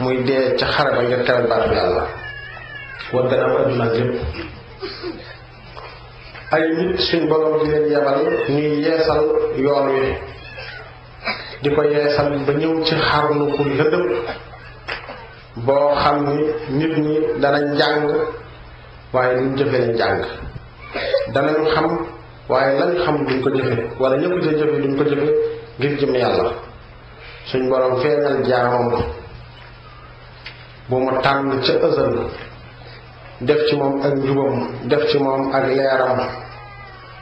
muy dee ca xare ba ngir teral barab yàlla war dana am adduna lépp ay nit suñ borom di leen yebal ñuy yeesal yoon wi di ko yeesal ba ñëw ci xarnu ku lëndëm boo xam nit ñi danañ jàng waaye duñ jëfe lañ jàng danañ xam waaye lañ xam duñ ko jëfe wala ñëpp ko jëfe duñ ko jëfe ngir jëm yàlla suñ borom feeñal jaamam ba mu tànn ca ësal def ci moom ak njubam def ci moom ak leeram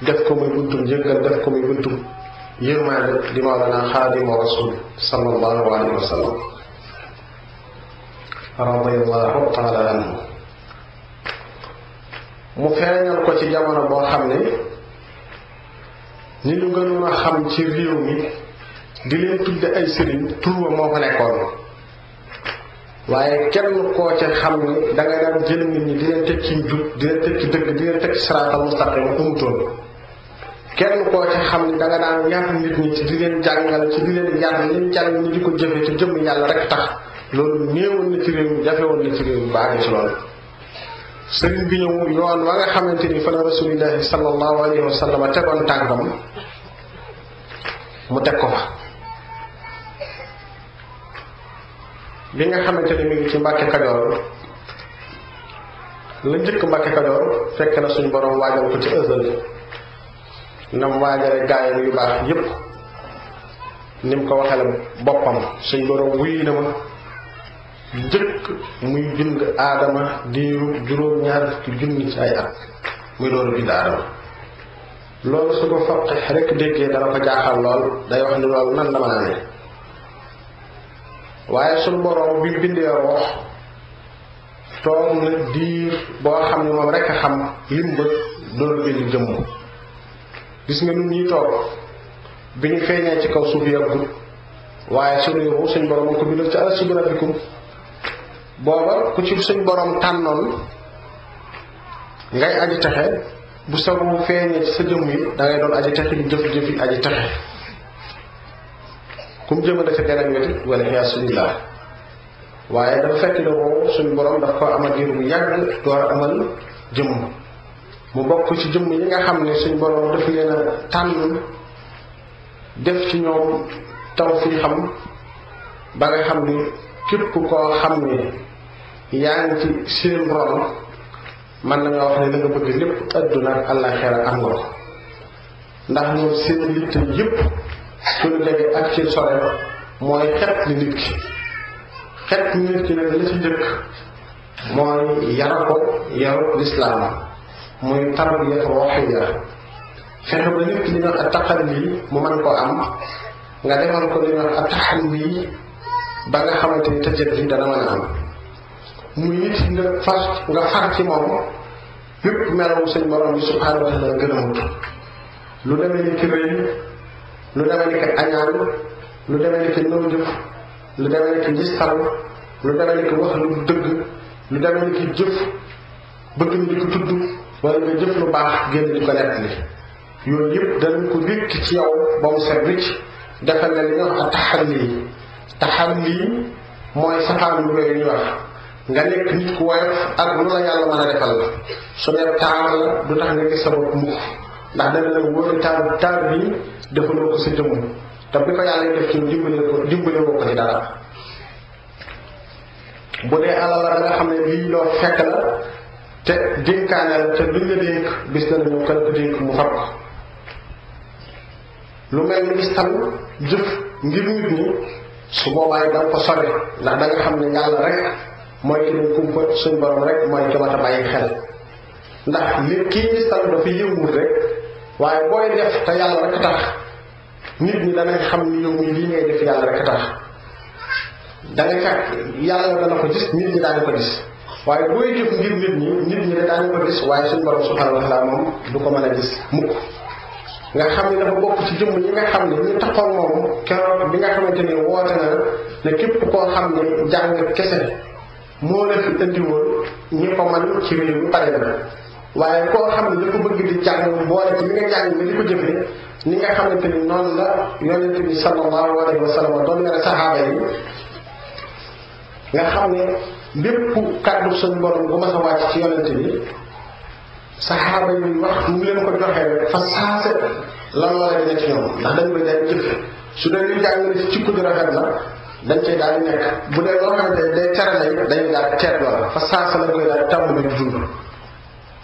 def ko muy buntum njëggal def ko muy buntum yërmaande di mawlana xaadima rasul sallallahu alayhi wa sallam radiallahu taala anhu mu feeñal ko ci jamono boo xam ne ñi ñu gënoon a xam ci réew mi di leen tudde ay sëriñ tur wa moo fa nekkoon waaye kenn koo ca xam ni da ngay daan jël nit ñi di leen teg ci njub di leen teg ci dëgg di leen teg ci siraatal mustaqim amutoon xam ni da nga daan yar nit ñi ci di leen ci di leen yar liñ jàng ko jëfe ci jëmm yàlla rek tax loolu néewoon na ci réew mi jafewoon na baax ci loolu sëriñ bi ñëw yoon wa xamante ni fa la rasulillahi sallallahu alayhi wa sallam tegoon tànkam mu teg ko fa bi nga xam ne mi ngi ci Mbàkke Kajoor la njëkk Mbàkke Kajoor fekk na suñu borom waajal ko ci ësal nam waajale gaayam yu baax yépp ni mu ko waxale boppam suñ borom wuy na ma njëkk muy bind aadama diiru juróom-ñaar fukki junni ci at muy doon bind aadama loolu su ko faqe rek déggee dana ko jaaxal lool day wax ni loolu nan la mën waaye suñu boroom bi bindee roox toog na diir boo xam ne moom rekk xam lim ba doolu bind jëmm gis nga nun ñuy toog bi ñu feeñee ci kaw suuf yàggul waaye suñuy ruu suñ boroom ko bindal ci alsibi rabbikum booba ku ci suñ boroom tànnoon ngay aji texe bu sa ruu feeñee ci sa jëmm yi da ngay doon aji texe di jëf-jëfi aji texe ku mu jëmale ca deret weti wala iyaasu billaah waaye dafa fekk ne moom suñu borom daf ko amal diir bu yàgg door amal jëmm mu bokk ci jëmm yi nga xam ne suñu borom daf leen a tànn def ci ñoom taw fii xam ba nga xam ni képp koo xam ne yaa ngi ci seen ron mën na nga wax ne da nga bëgg lépp adduna ak àllaaxira am nga ndax ñoom seen yitte yépp ci lu ak ci sore mooy xet li nit ki xet nit ki nag li ci njëkk mooy yara ko yaru lislaam muy tarbiya ruuxiya fexe ba nit ki li ñuy wax taqalli mu mën ko am nga defal ko li ñuy wax taxalli ba nga xamante ni tëjët yi dana mën a am muy nit nga far nga far ci moom yëpp melawu sëñ borom bi subhaanahu wa gën a mut lu demee ni ki lu demee ni ki añaan lu demee ni ki nëw lu demee ni ki ngistal lu demee ni ki wax lu dëgg lu demee ni ki jëf bëgg ñu di ko tudd wala nga jëf lu baax génn di ko nettali yooyu yëpp danañ ko wékk ci yow ba mu set wicc defal la li ñuy wax taxallii taxallii mooy safaan lu yooyu ñuy wax nga nekk nit ku woyof ak lu la yàlla mën a defal la su ne taar la du tax nga gis sa bopp mukk ndax dana la wóor ne taar yàlla def ci dimbale ko ne lii loo fekk la te lu mel ni gis tam danga ko sori ndax xam ne yàlla rek mooy ki leen kumpa suñ borom rek mooy ki mat a xel ndax li kii gis tam dafa yëngu rek waaye booy def te yàlla rek tax nit ñi danañ xam ni yow mii lii ngay def yàlla rek tax da nga yàlla dana ko gis nit ñi daañu ko gis waaye booy jëf ngir nit ñi nit ñi daañu gis waaye suñu borom subhanahu wa taala moom du ko mën a gis mukk nga xam ne dafa bokk ci jëmm ñi nga xam ne ñu taxoon moom keroog bi nga xamante ni woote na ne képp koo xam ne jàng kese moo la fi indi woon ñi ko man ci réew mi pare na waaye koo xam ne dafa bëgg di jàng boole ci li nga jàng nga di ko jëfee ni nga xamante ni noonu la yonent bi sallallahu alayhi wa sallam doon yore saxaaba yi nga xam ne bépp kàddu suñu borom bu mas a wàcc ci yonent bi saxaaba yi wax mu leen ko joxee fa saase lan la dina ci ñoom ndax dañ koy daal jëfe su dee ñu jàng ni ci kuddi rafet la dañ cay daal di bu dee loo xamante day tere lay dañuy daal teet loola fa saase la koy daal tàmbali di dund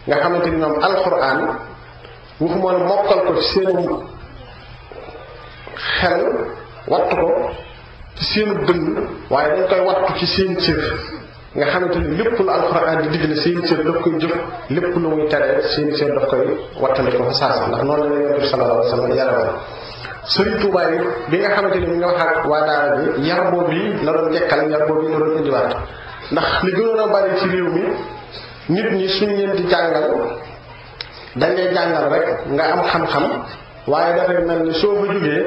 nga xamante ni ñoom alquran waxuma la mokkal ko ci seenu xel wattu ko ci seenu dënd waaye dañ koy wattu ci seen cër nga xamante ni lépp lu alquran di digle seen cër daf koy jëf lépp lu muy tere seen cër daf koy wattali ko fa saasa ndax noonu la yonent bi sallallahu alayhi wa sallam yare woon bi nga xamante ni mi nga wax ak waa daara bi yar boobu la doon jekkal yar boobu yi la doon indiwaat ndax li gënoon a bari ci réew mi nit ñi suñu ñeen di jàngal da ngay jàngal rek nga am xam-xam waaye dafay mel ni soo fa jógee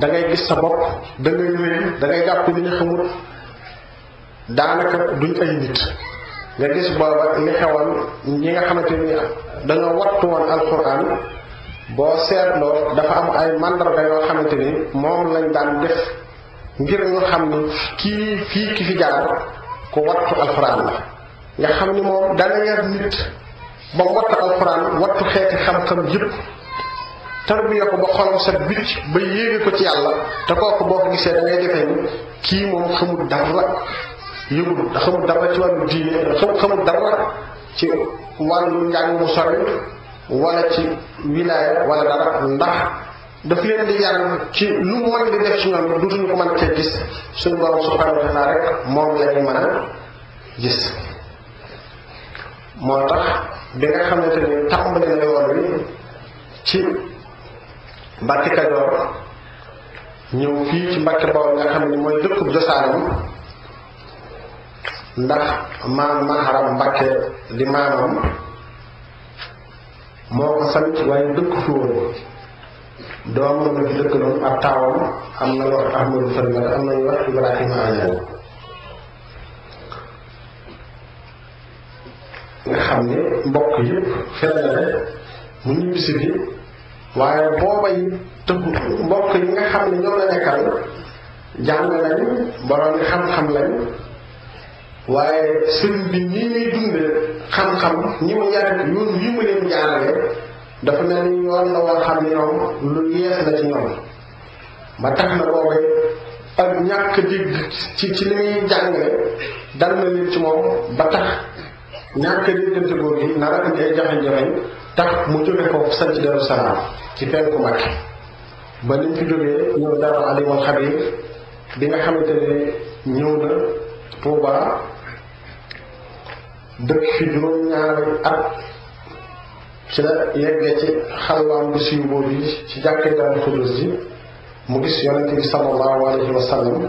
da ngay gis sa bopp da ngay wéy da ngay jàpp li ñu xamul daanaka duñ ay nit nga gis booba li xewal ñi nga xamante ni nga wattu woon alquran boo seetloo dafa am ay mandarga yoo xamante ni moom lañ daan def ngir ñu xam ni kii fii ki fi jaar ko wattu alquran la nga xam ni moom dana yar nit ba wattu alxuraan wattu xeeti xam-xam yëpp tarbiya ko ba xolam sa bicc ba yéege ko ci yàlla te kooku boo ko gisee da ngay defee ni kii moom xamul dara yëgul xamul dara ci wàllu diine xamul dara ci wàllu njàng mu sori wala ci wilaaya wala dara ndax daf leen di yaram ci lu mooy di def ci ñoom dutuñu ko mën cee gis suñu borom subhanahu wa rek moom la ñu mën a gis moo tax bi nga xamante ni tàmbali na yoon wi ci Mbàkke Kajoor ñëw fii ci Mbàkke Bawol nga xam ne mooy dëkkub josaanam ndax maam Maharam Mbàkke di maamam moo ko sant waaye dëkk fi woon doomam la fi dëkkaloon ak taawam am na wax Ahmadou Falmata am nañu wax Ibrahima Agnane nga xam ne mbokk yëpp feneen mu ñu bisi fi waaye booba yi tëgg mbokk yi nga xam ne ñoo la nekkal jàng lañu borom xam-xam lañu waaye sëriñ bi nii muy dunde xam-xam ñi mu yar yoon yi mu leen jaarale dafa mel ni yoon la war xam ne ñoom lu yees la ci ñoom ba tax na booba ak ñàkk digg ci ci li muy jàngale dal na nit ci moom ba tax ñàkk diggante boobu yi nar a indi ay jafe-jafe tax mu jóge foofu sanc Daaru Salaam ci penku Mbakke ba ni mu fi jógee ñëw Daaru Alimul Xabiir bi nga xamante ne ñëw la Tuuba dëkk fi juróom-ñaari at ci la yeggee ci xalwaam bi suyu boobu yi ci jàkkee Daaru Xudoos ji mu gis yonente bi sallallahu alayhi wa sallam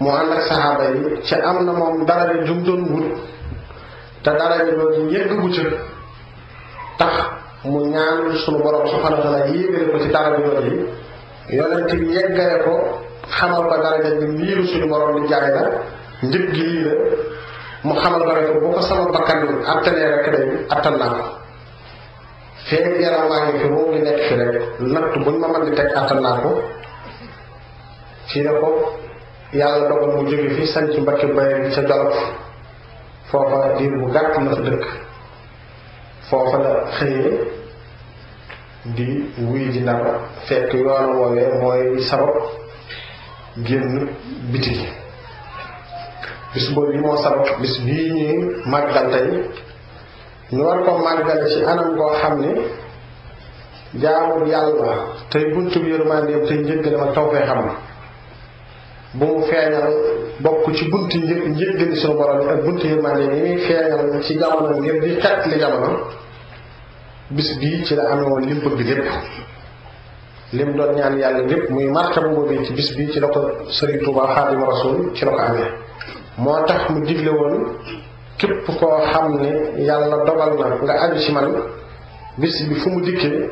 mu ànd ak saxaaba yi ci am na moom daraja jum doon wut te daraja loolu yëgg bu ca tax mu ñaan sunu borom subhaanahu wa taala yéegale ko ci daraja loolu yi yonent bi yeggale ko xamal ko daraja bi liiru suñu borom di jaay la gi lii la mu xamal ko rek bu ko sama bakkan attanee rek attan naa ko feeg yaram waa ngi fi moo ngi nekk fi rek natt buñ ma mën di teg attan naa ko fii la ko yalla dogal mu jóge fi sanc ci baye bay ca jolof fofa diir bu gatt na fa dekk fofa la xeye di wuy di ndar fekk yoonu wowe moy sabab genn biti bis bo boobu mo sabab bis bi ni magal tay ñu war ko magal ci anam go xamne jaamu yalla tay buntu bi yërmandeem tey njëggalam ak xamna bu mu feeñal bokk ci bunti njëkk njëggal sunu borom ak bunti yërmande yi muy feeñal ci jamono ngir di xet li jamono bis bii ci la amee woon li mu lépp lim doon ñaan yàlla lépp muy martaba boobu ci bis bi ci la ko Sëriñ Tuubaa Xaadimu Rasuul ci la ko amee moo tax mu digle woon képp koo xam ne yàlla dogal na nga aju ci man bis bi fu mu dikkee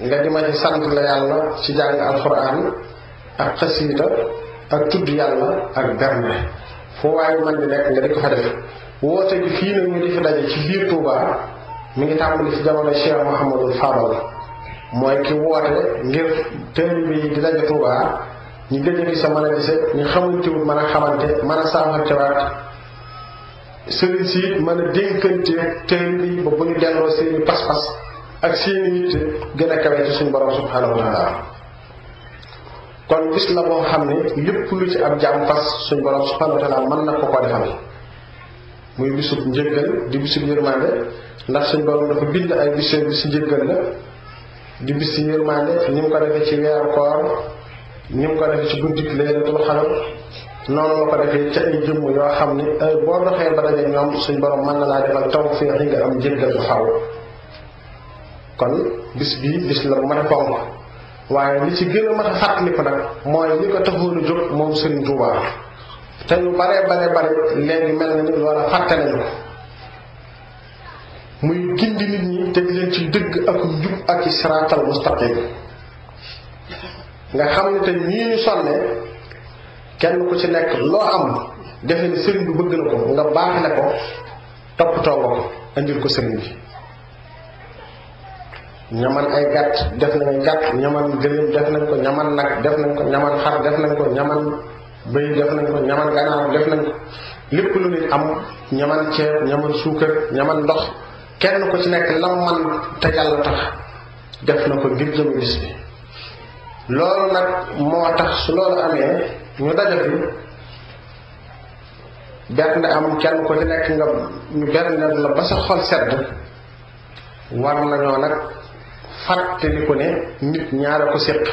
nga di ma ci sant la yàlla ci jàng alxuraan ak xasiida ak tudd yàlla ak berne foo waaye man di nekk nga di ko fa def woote gi fii nag ñu di fi daje ci biir Touba mi ngi tàmbali ci jamono Cheikh Mouhamadul Fadal mooy ki woote ngir taalibe yi di daje Touba ñi gëj a gis a mën a gise ñu xamantewul mën a xamante man a saamantewaat sëriñ si mën a dénkante taalibe yi ba bu ñu delloo seeni pas-pas ak seeni nit gën a kawe ci suñu borom subhaanahu wa kon gis la boo xam ne lépp lu ci ab jaam fas suñ borom subhanahu wa taala mën na ko ko defal muy bisub njëggal di bisub yërmande ndax suñ borom dafa bind ay bis bi bisi njëggal la di bis si yërmande ni mu ko defee ci weeru koor ni mu ko defee ci guddik laylatul xalam noonu la ko defee ca ay jëmm yoo xam ne ay boo doxee ba daje ñoom suñ borom mën na laa defal taw féexi nga am njëggal bu xaw kon bis bi bis la bu ma a fonk waaye li ci gën a mat a fàttaliku nag mooy li ko taxoon a jóg moom Serigne Touba te lu bare bare bare léegi mel na ni loola fàtte nañu ko muy gindi nit ñi te leen ci dëgg ak njub ak ci siraatal mustaqim nga xam ne te ñi ñu sonne kenn ku ci nekk loo am defe ni sëriñ bi bëgg na ko nga baax ne ko toppatoo nga ko indil ko sëriñ bi ñaman ay gàtt def nañ gàtt ñaman gëléem def nañ ko ñaman nag def nañ ko ñaman xar def nañ ko ñaman bëy def nañ ko ñaman ganaar def nañ ko lépp lu nit am ñaman ceeb ñaman suukar ñaman ndox kenn ku ci nekk lam man te yàlla tax def na ko ngir jëm bis bi loolu nag moo tax su loolu amee ñu dajal fi bernde am kenn ko ci nekk nga ñu bernde la ba sa xol sedd war nañoo nag fàttali ko ne nit ñaare ko séq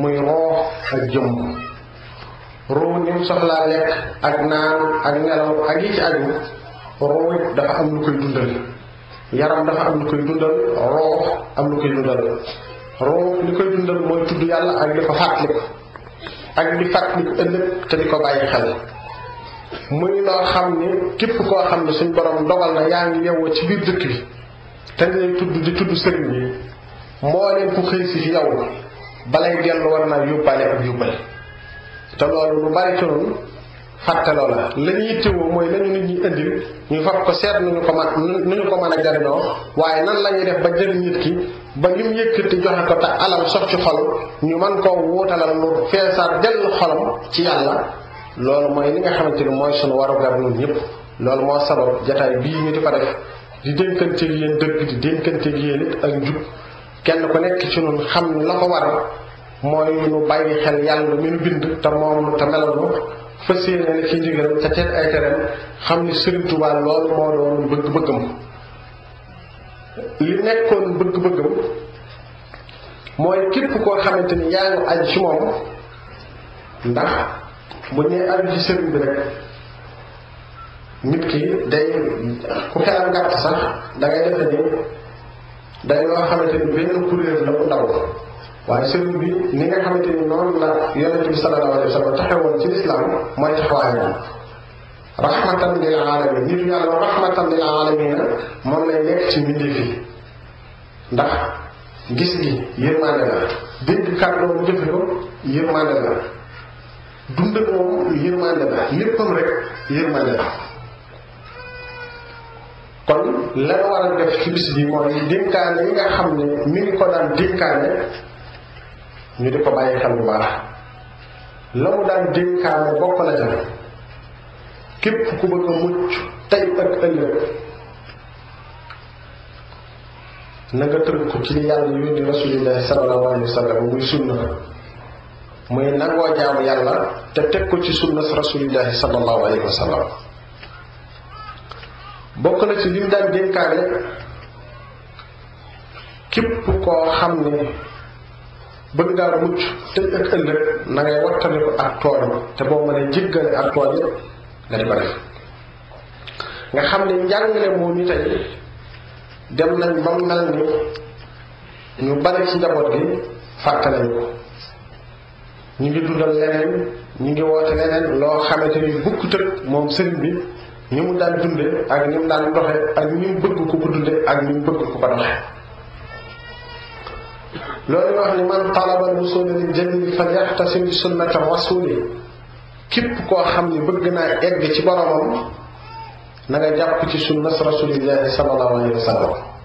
muy roox ak jëmm roo ni mu soxlaa lekk ak naan ak nelaw ak yi ci aju roo dafa am lu koy dundal yaram dafa am lu koy dundal roox am lu koy dundal mooy tudd yàlla ak di ko fàttaliku ak di fàttaliku ëllëg te di ko bàyyi xel muy loo xam ne képp koo xam ne suñ borom dogal na yaa ngi yewwu ci biir dëkk bi te ngay tudd di tudd sëriñ bi mbooleem ku xëy si ci yow balay dellu war naa yóbbaale ak yóbbale te loolu lu bari ci noonu fàttaloo la la ñuy yittewoo mooy lañu nit ñi indil ñu fab ko seet nu ñu ko mën nu ñu ko mën a jariñoo waaye nan la def ba jëriñ nit ki ba lim yëkkati joxe ko te alal sox ci xol ñu mën koo wuutalal lu feesaat dellu xolam ci yàlla loolu mooy li nga xamante ni mooy sunu warugar ñun ñëpp. loolu moo sabab jataay bii ñu di ko def di dénkanteeg yéen dëgg di dénkanteeg yéen it ak njub kenn ku nekk ci ñun xam la ko war mooy ñu bàyyi xel yàlla mi nu bind te moom te melal nu fas ne ci ndigalam ca teet ay tereem xam ni Sëriñ Tuubaa loolu moo doon bëgg-bëggam li nekkoon bëgg-bëggam mooy képp koo xamante ni yaa ngi aju ci moom ndax bu ñee aju sëriñ bi rek nit ki day ku xelam gàtt sax da defe ni day loo xamante ni benn kuréel la ndaw waaye sëriñ bi ni nga xamante ni noonu la yonente bi sallallahu alayhi wa sallam taxawoon ci lislaam mooy taxawaayam rahmatan lil alamin nitu yàlla rahmatan lil alamina moom lay nekk ci mbindeef yi ndax gis gi yërmande la dégg kàddoom mu jëfe ko yërmande la dund moom yërmande la léppam rek yërmande la kon la nga war a def ci bi mooy dénkaane yi nga xam ne mi ngi ko daan dénkaane ñu di ko bàyyi xel bu baax la mu daan dénkaane bokk na ca képp ku bëgg mucc tey ak ëllëg na nga ko ci li yàlla yónni rasulillahi sallallahu alayhi wa sallam muy sunna muy nangoo jaamu yàlla te teg ko ci sunna rasulillahi sallallahu alayhi wa bokk na ci lim daan dénkaane képp koo xam ne bëgg ngaa mucc tëj ak ëllëg na ngay wattandiku ak tooñ te boo mënee jéggale ak tooñ yëpp nga di ko def nga xam ne njàngale moom yi tey dem nañ ba mu mel ni ñu bari ci njaboot gi fàtte nañ ko ñu ngi dundal leneen ñu ngi woote leneen loo xamante ni bukk tëg moom sëriñ bi ni mu daan dunde ak ni mu daan doxe ak ni mu bëgg ku ko dunde ak ni mu bëgg ku ko doxe loolu wax ni man talaba al-wusula lil jalil falyaxtasim sunnata rasuli képp koo xam ni bëgg naa egg ci boromam na nga jàpp ci sunnas rasulillahi sallallahu alayhi wa